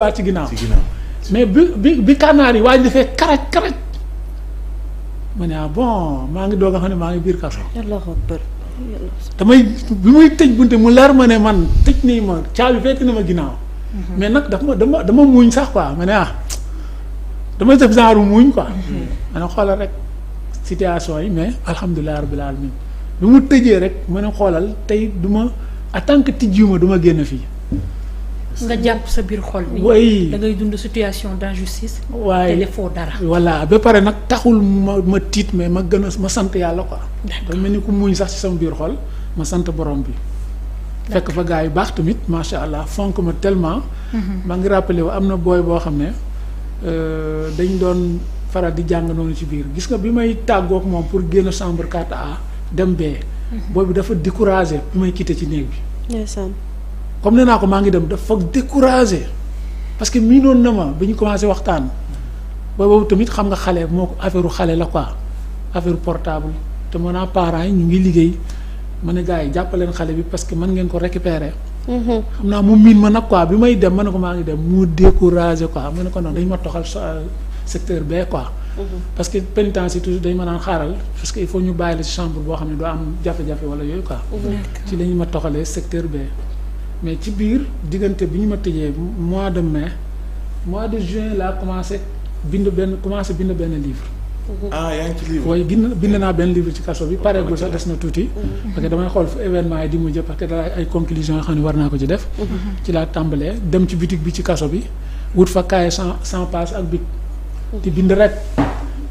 waa ci ginnaaw mais bi bi yi waaye dafee karaj karaj ma ah bon maa ngi doog xam ne maa ngi biir kaso damay bi muy tëj bunte mu leer ma ne man tëj nii ma caabi fekk na ma ginnaaw mhm. mais nag daf ma dama dama muuñ sax ko ma ne ah dama def genre muuñ ko mhm. ma ne xoolal rek situation yi mais alhamdulilah rabbil alamin bi mu tëjee rek ma ne xoolal tey duma ma en tant que tijju ma du génn fii nga jàpp sa biir xol bi. oui da ngay dund situation waay te defoo dara. ba pare nag taxul ma ma tiit mais ma gën a ma sant yàlla quoi. mel ni ku muñ sax ci sama biir xol ma sant borom bi. fekk fa gars yu baax tamit macha allah fonk ma tellement. Mhm. ma ngi rappelé am na booy boo xam ne euh, dañ doon faral di jàng noonu ci biir gis nga bi may tàggoog moom pour génn chambre 4A dem bee. Mhm. booy bi dafa découragé bi may quitté ci néeg bi. comme ne naa ko maa ngi dem dafa découragé parce que miinoon na ma bi ñu commencé waxtaan boobu tamit xam nga xale moo ko affaire xale la quoi affaire portable te mën naa parent yi ñu ngi liggéey ma ne gars yi jàppaleen xale bi parce que man ngeen ko récupérer. Mhm. xam naa mu miin ma nag quoi bi may dem ma ne ko maa ngi dem mu découragé quoi ma ne ko noonu dañu ma toxal euh, secteur bee quoi. Mhm. parce que pénitence yi toujours dañ ma naan xaaral parce que il ñu bàyyi la ci boo xam ne doo am wala yooyu quoi. ci la ñu ma toxalee secteur bee. mais ci biir diggante bi ñu ma tëjee mois de mais mois de juin laa commencé bind benn commencé bind benn livre. Mhm. ah yaa ngi ci waaye bind naa benn livre ci kaso bi pareegul sax des na tuuti. Mhm. parce que damay xool fu événement yi di mujj parce que daal ay conclusions yoo xam ne war naa ko ci def. Mhm. ci laa tàmbalee dem ci bitig bi ci kaso bi wut fa kaay sans sans passe ak bic. di bind rek.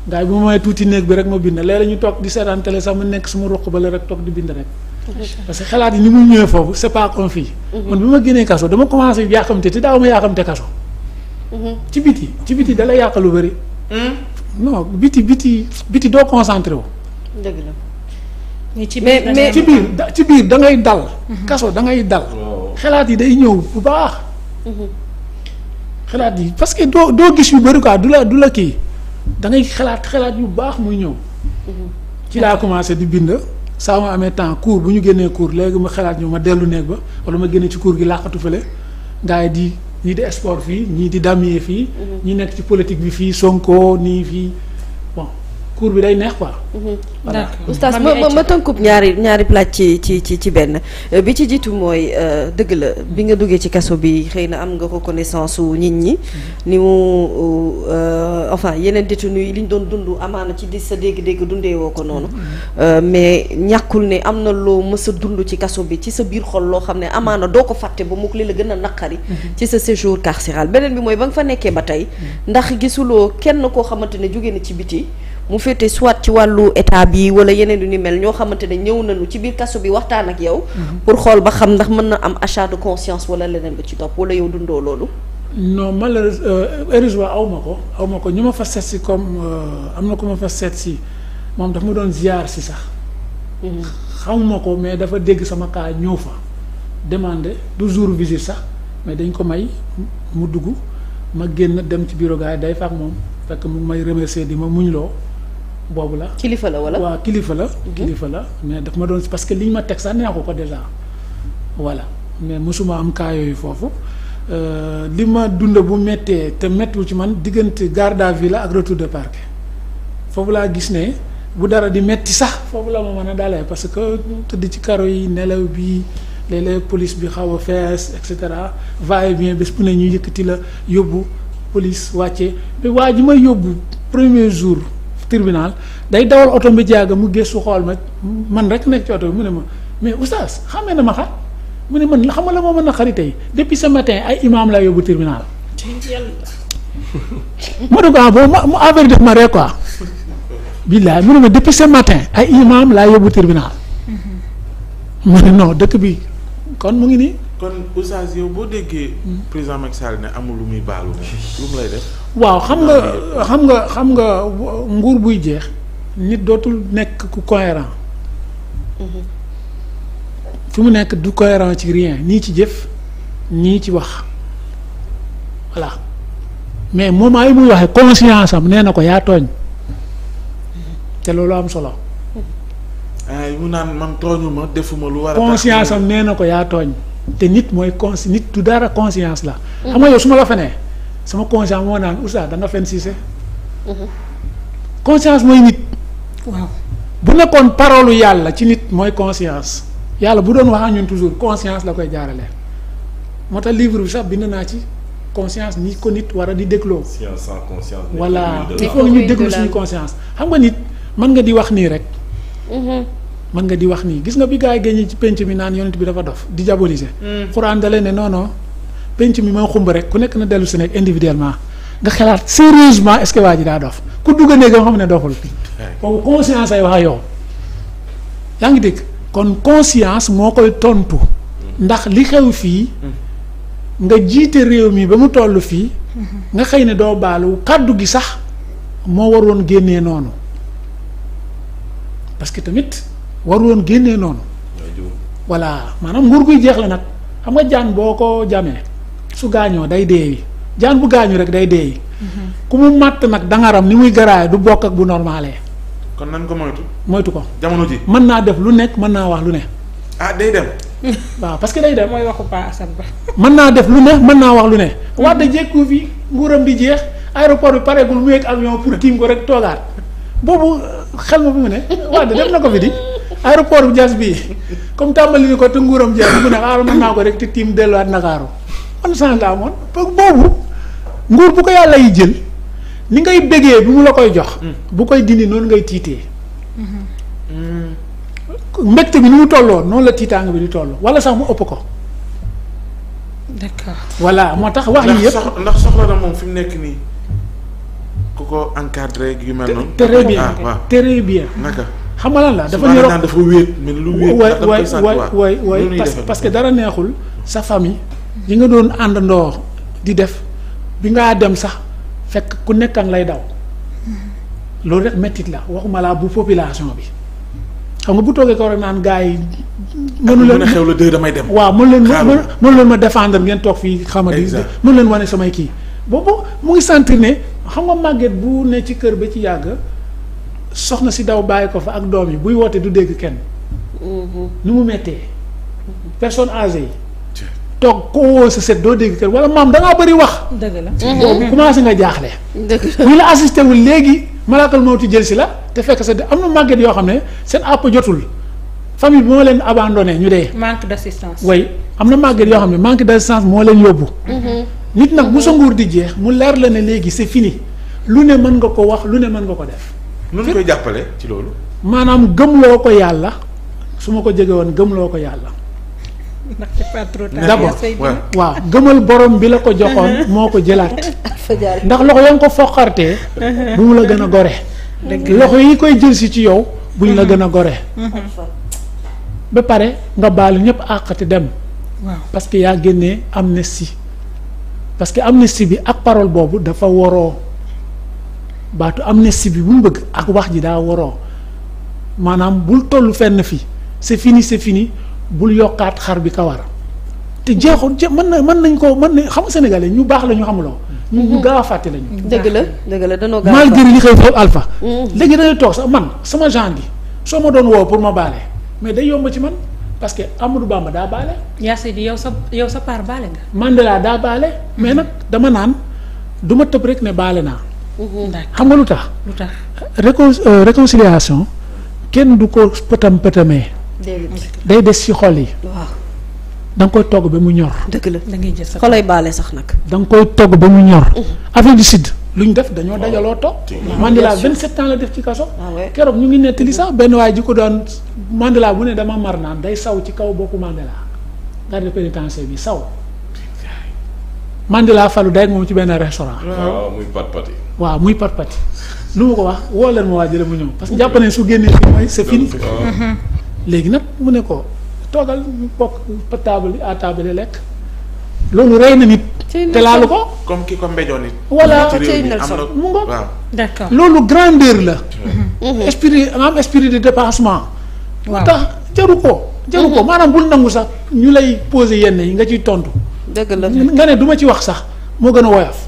gars yi bu ma may tuuti néeg bi rek ma bind léeg-léeg ñu di seetaan télé sax mu nekk suma ruq ba la rek toog di bind rek. parce que xalaat yi ni muy ñëwee foofu c'est pas conflit mm-hmm. man bi ma génnee kaso dama commencé yàqamte te daaw ma yàqamte kaso. Mm-hmm. ci biti ci biti da lay yàq lu bari hmm? non biti biti biti doo concentré wu. dëgg la ci biir mais ci biir ci biir dal. Mm-hmm. kaso da ngay dal. xalaat yi day ñëw bu baax. xalaat yi parce que doo doo gis yu bëri quoi du la du la kii da ngay xalaat xalaat bu baax muy ñëw. ci laa commencé di bind. saa ma amee temps cours bu ñu génnee cours léegi ma xalaat ñoo ma dellu néeg ba wala ma génne ci cours gi làqatu fële gars yi di ñii di sport fii ñii di damier fii mm-hmm. ñi nekk ci politique bi fii Sonko nii fii cours bi day neex quoi. Mhm. voilà oustaz ma ma tënkub ñaari ñaari plat ci ci ci benn euh, bi ci jiitu mooy euh, dëgg la bi nga duggee ci kaso bi xëy na am nga ko connaissance su nit ñi. Mhm. ni mu euh, enfin yeneen détenu yi li ñu doon dund amaana ci di sa dégg-dégg dundee woo ko noonu. Mhm. mais ñàkkul ne am na loo mës a dund ci kaso bi ci sa biir xol loo xam ne amaana doo ko fàtte ba mu li la gën a naqari. ci sa séjour carcéral beneen bi mooy ba nga fa nekkee ba tey. ndax gisuloo kenn koo xamante ne jóge na ci biti. mu féete soit ci wàllu état bi wala yeneen yu ni mel ñoo xamante ne ñëw nañu ci biir kaso bi waxtaan ak yow. Mhm. pour xool ba xam ndax mën na am achat de conscience wala leneen lu ci topp wala yow dundoo loolu. non malheureusement euh, heureusement aw ma ko aw ma ko ñu ma fa seet comme euh, am na ko ma fa seet si moom daf ma doon ziar si sax. Mhm. xamuma ko mais dafa dégg sama kaa ñëw fa demande du jour visite sax mais dañ ko may mu dugg ma génn dem ci bureau gars yi day faak moom fekk mu may remercier di ma muñ boobu la. kilifa la wala waa kilifa la. kilifa la mais daf ma doon parce que li ñu ma teg sax neexu ko déjà voilà mais mosuma am cas yooyu foofu euh, li ma dund bu méttee te méttiwul ci man diggante garde à vue ak retour de parquet foofu laa gis ne bu dara di métti sax foofu la ma mën a dalee parce que tëdd ci karo yi nelaw bi léeg-léeg police bi xaw a fees et cetera va et vient bés bu ne ñu ti la yóbbu police wàcce waa ji may yóbbu premier jour. tribunal day dawal oto bi jaaga mu gëstu xool ma man rek nekk ci oto bi mu ne ma mais oustaz xamee na ma xar mu ne man xam nga la moo mën a xari tey depuis ce matin ay imaam laa yóbbu tribunal. ma ne ko ah mu affaire def ma rek quoi. billaay mu ne ma ay imaam laa yóbbu tribunal. Mm-hmm. dëkk bi kon mu ngi nii. kon oustaz yow boo déggee. Mm. président Macky Sall ne amul lu muy baalu lu mu lay def. waaw xam nga xam nga xam nga nguur buy jeex nit dootul nekk ku mhm. fi mu nekk du cohérent ci rien nii ci jëf nii ci wax voilà mais moment yi muy waxee conscience am nee na ko yaa tooñ te loolu am solo. ah mu naan man tooñu ma defuma lu war a nee na ko yaa tooñ te nit mooy cons nit du dara conscience la. Mhm. xam nga yow su ma la fenee sama conscience moo naan oustaz da fen Cissé. Mhm. conscience mooy nit. waaw bu nekkoon parole yàlla ci nit mooy conscience yàlla bu doon wax ñun toujours conscience la koy jaaralee moo tax livre bi sax bind naa ci conscience ni ko nit war a di dégloo. science sans conscience. voilà il ñu déglu suñu conscience. xam nga nit mën nga di wax nii rek. Mhm. mën nga di wax nii gis nga bi gars yi génnee ci penc bi naan yonent bi dafa dof di diaboliser. xuraan mm. dalee ne non penc mi moo xumb rek ku nekk na dellu si nekk individuellement nga xalaat sérieusement est-ce que waa ji daa dof ku dugg néeg nga xam ne doful boobu conscience ay wax ak yow ngi dégg kon conscience moo koy tontu ndax li xew fii nga jiite réew mi ba mu toll fii nga xëy ne doo kàddu gi sax moo war woon génnee noonu parce que tamit war woon génnee noonu voilà maanaam nguur guy jeexle nag xam nga jaan boo ko jamee su gaañoo day deeyi jaan bu gaañu rek day deeyi. ku mu màtt nag dangaram ni muy garaay du bokk ak bu normalee kon nan ko moytu. moytu ko jamono ji. mën naa def lu nekk mën naa wax lu ne. ah day dem. waaw parce que day dem mooy waxu Pa Assane Ba. mën naa def lu ne mën naa wax lu ne. Mm-hmm. wax dëgg jékku fi nguuram di jeex aéroport bi pareegul mu yegg avion pour tiim ko rek toogaat boobu euh, xel ma bi mu ne wax dëgg def na ko fi di. aéroport bu Diass bii comme tàmbali ni ko te nguuram jeex mu ne xaaral ah, mën naa ko rek te tiim delluwaat Ndakaaru ban chance la amoon boobu nguur bu ko yàlla yi jël ni ngay bégee bi mu la koy jox. Hmm. bu koy dindi noonu ngay tiitee. Hmm. Hmm. mbégte bi ni mu tolloo noonu la tiitaanga bi di tolloo wala sax mu ëpp ko. d'accord moo tax wax yi yëpp ndax soxla na moom fi mu nekk nii ku ko encadré yu mel noonu. très bien ah, très bien naka. xam nga lan la dafa ñoroo dafa wéet mais lu wéet. waay waay waay waay parce que dara neexul sa famille. yi nga doon àndandoo di def bi ngaa dem sax fekk ku nekk ak lay daw loolu rek mettit la waxuma laa bu population bi xam nga bu toogee ko rek naan gaa yi. mënu leen xew la dëgg damay dem. waaw mënu leen mënu leen ma défendre ngeen toog fii. xama di mënu leen wane samay kii. boobu mu ngi sentir ne xam nga màgget bu ne ci kër ba ci yàgg soxna si daw bàyyi ko fa ak doom yi buy woote du dégg kenn. Mm-hmm. ni mu méttee. Mm-hmm. personne âgée yi. toog ko woo sa set doo dégg kër wala maam da ngaa bëri wax. dëgg la boobu mm-hmm. commencé nga jaaxle. dëgg la bu ñu la assisté wul léegi malaakal mawti jël si la te fekk sa am na màgget yoo xam ne seen àpp jotul famille bi moo leen abandonné ñu dee. manque d' assistance. way am na màgget yoo xam ne manque d' assistance moo leen yóbbu. Mm-hmm. nit nag mu sa nguur di jeex mu leer la ne léegi c' est lu ne mën nga ko wax lu ne mën nga ko def. nu koy jàppale ci loolu. maanaam gëmloo ko yàlla su ma ko jege woon gëmloo ko yàlla. ndax c'est pas waaw gëmal borom bi la ko joxoon moo ko jëlaat. ndax loxo yaa ko foqartee. bu mu la gën a gore. loxo yi koy jël si ci yow. buñ la mm-hmm. gën a gore. Mm-hmm. ba pare nga baal ñëpp àqati dem. waaw parce que yaa génnee amnistie parce que amnistie bi ak parole boobu dafa waroo baatu amnistie bi bu mu bëgg ak wax ji daa waroo maanaam bul toll fenn fii c'est fini c'est fini. bul yokkaat xar bi kawar te jeexul je mën na mën nañ ko mën na xam sénégalais ñu baax la ñu xamuloo ñu ñu mhm. gaaw a fàtte lañu. dëgg la dëgg la danoo gaaw malgré li xew xew alpha. Mhm. léegi dañuy toog sax man sama genre gi soo ma doon woo pour ma baale mais day yomb ci man parce que Amadou Bamba daa baale. Yacine di sa yow sa part baale nga. Mandela baale. Mhm. mais nag dama naan du ma tëb rek ne baale naa. xam nga lu tax. lu tax euh, réconciliation kenn du ko pëtam pëtamee. day des ci xol yi. waaw da nga koy togg ba mu ñor. dëgg la da ngay jël baale sax nag. da nga koy togg ba mu ñor. Mhm. Afrique du lu ñu def dañoo dajaloo toog. Mandela 27 ans la def ci kaso. Ah keroog ñu ngi li sax benn waay ji ko doon Mandela bu ne dama mar naan day saw ci kaw bokku Mandela. garde pénitencier bi saw. Mandela falu day moom ci benn restaurant. waaw muy patpati. pati lu mu ko wax woo leen ma waa jële mu ñëw parce que jàpp nañ su génnee fii mooy c'est fini. léegi nag mu ne ko toogal ñu bokk table bi à table lekk loolu rey na nit. te laalu ko. comme ki ko mbéjoon nit. voilà mu ngoog d'accord loolu grandeur la. Mhm. Mhm. esprit am esprit de dépassement. waaw tax jaru ko. jaru ko mhm. maanaam bul nangu sax ñu lay pose yenn yi nga ciy tontu. dëgg la nga ne du ma ci wax sax moo gën a woyof.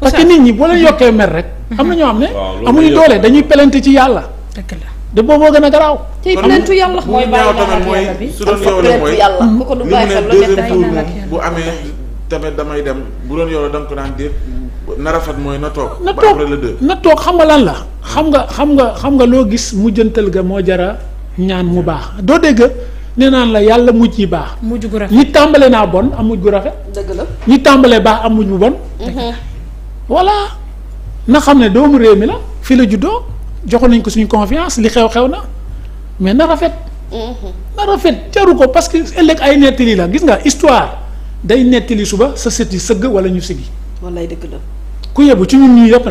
parce que nit ñi boo leen yokkee mer rek. am na ñoo xam ne amuñu doole dañuy pelante ci yàlla. de booboo gën a garaaw. tey plaintu yàlla mooy bàyyi tamit mooy su doon yow la mooy bu ko na bu amee tamit damay dem bu doon yow danga ko naan déet na rafet mooy na toog. na xam nga lan la. xam nga xam nga xam nga loo gis mujjantal ga moo jara ñaan mu baax doo dégg nee naan la yàlla mujj yi baax. mujj gu rafet ñi tàmbale naa bon am mujj gu rafet. dëgg la ñi tàmbale baax am mujj bu bon. Mhm. voilà na xam ne doomu réew mi la fi la juddoo. joxo nañ ko suñu confiance li xew xew na mais na rafet. na rafet jaru ko parce que ëllëg ay nettali la gis nga histoire day nettali suba sa sët yi sëgg wala ñu sigi. wallaay dëgg la ku yebu ci ñun ñii yëpp.